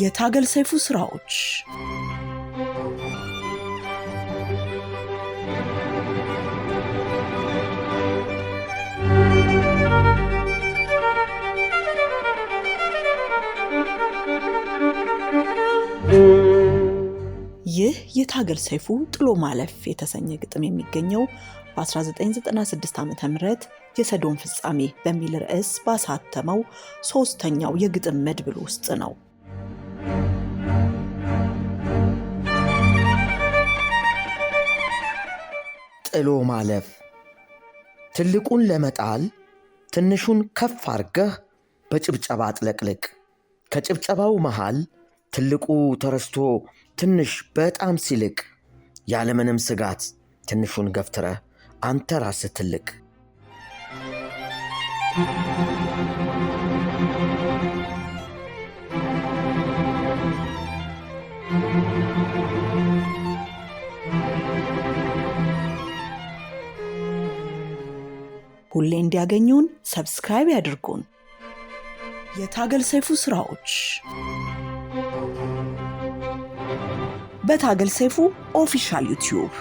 የታገል ሰይፉ ስራዎች ይህ የታገል ሰይፉ ጥሎ ማለፍ የተሰኘ ግጥም የሚገኘው በ1996 ዓ ም የሰዶም ፍጻሜ በሚል ርዕስ ባሳተመው ሶስተኛው የግጥም መድብል ውስጥ ነው። ጥሎ ማለፍ ትልቁን ለመጣል ትንሹን ከፍ አርገህ በጭብጨባ አጥለቅልቅ። ከጭብጨባው መሃል ትልቁ ተረስቶ ትንሽ በጣም ሲልቅ ያለምንም ስጋት ትንሹን ገፍትረህ አንተ ራስህ ትልቅ። ሁሌ እንዲያገኙን ሰብስክራይብ ያድርጉን። የታገል ሰይፉ ስራዎች በታገል ሰይፉ ኦፊሻል ዩቲዩብ